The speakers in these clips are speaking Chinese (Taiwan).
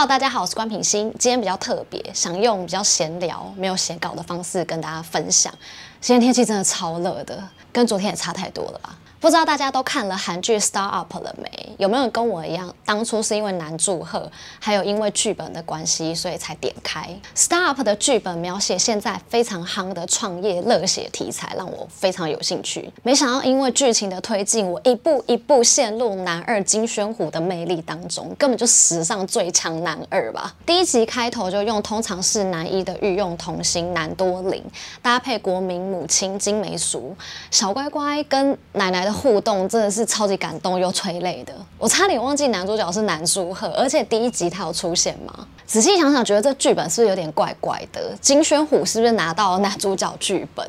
哈，大家好，我是官品心。今天比較特別，想用比較閒聊、沒有寫稿的方式跟大家分享。今天天氣真的超熱的，跟昨天也差太多了吧？不知道大家都看了韓劇《Start-up》了沒？有沒有跟我一樣，當初是因為南柱赫，還有因為劇本的關係，所以才點開《Start-up》的劇本描寫？現在非常夯的創業熱血題材，讓我非常有興趣。沒想到因為劇情的推進，我一步一步陷入男二金宣虎的魅力當中，根本就史上最強男二吧！第一集開頭就用通常是男一的御用童星南多琳，搭配國民母親金美淑，小乖乖跟奶奶。互動真的是超級感動又催淚的，我差點忘記男主角是南柱赫，而且第一集他有出現嗎？仔細想想，覺得這劇本是不是有點怪怪的？金宣虎是不是拿到了男主角劇本？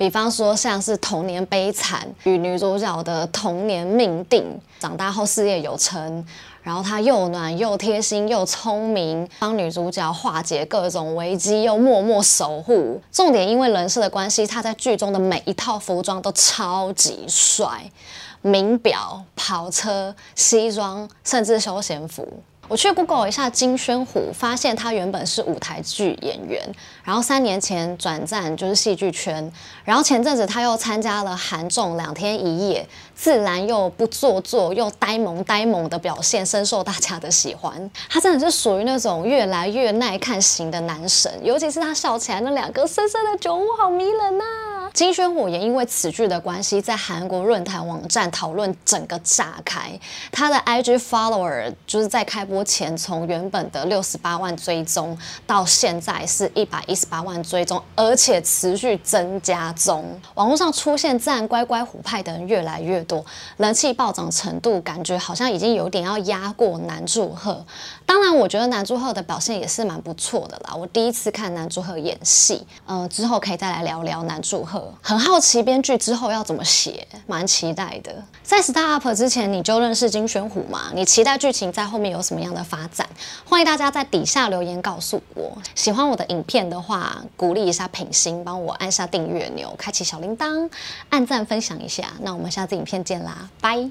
比方說，像是童年悲慘與女主角的童年命定，長大後事業有成，然後他又暖又貼心又聰明，幫女主角化解各種危機，又默默守護。重點，因為人設的關係，他在劇中的每一套服裝都超級帥，名表、跑車、西裝，甚至休閒服。我去 Google 一下金宣虎，發現他原本是舞台劇演員，然後三年前轉戰就是戲劇圈，然後前陣子他又參加了韓綜兩天一夜，自然又不做作又呆萌呆萌的表現，深受大家的喜歡。他真的是屬於那種越來越耐看型的男神，尤其是他笑起來那兩個深深的酒窩，好迷人吶、啊！金宣虎也因為此劇的關係，在韓國論壇網站討論整個炸開，他的 IG follower 就是在開播前從原本的六十八萬追蹤到現在是一百一十八萬追蹤，而且持續增加中。網絡上出現自然乖乖虎派的人越來越多，人氣暴漲程度感覺好像已經有點要壓過南柱赫。當然，我覺得南柱赫的表現也是蠻不錯的啦。我第一次看南柱赫演戲，嗯、呃，之後可以再來聊聊南柱赫。很好奇編劇之後要怎麼寫，蠻期待的。在 Start-Up 之前你就認識金宣虎嗎？你期待劇情在後面有什麼樣的發展？歡迎大家在底下留言告訴我。喜歡我的影片的話，鼓勵一下品心，幫我按下訂閱鈕，開啟小鈴鐺，按讚分享一下。那我們下次影片見啦，拜。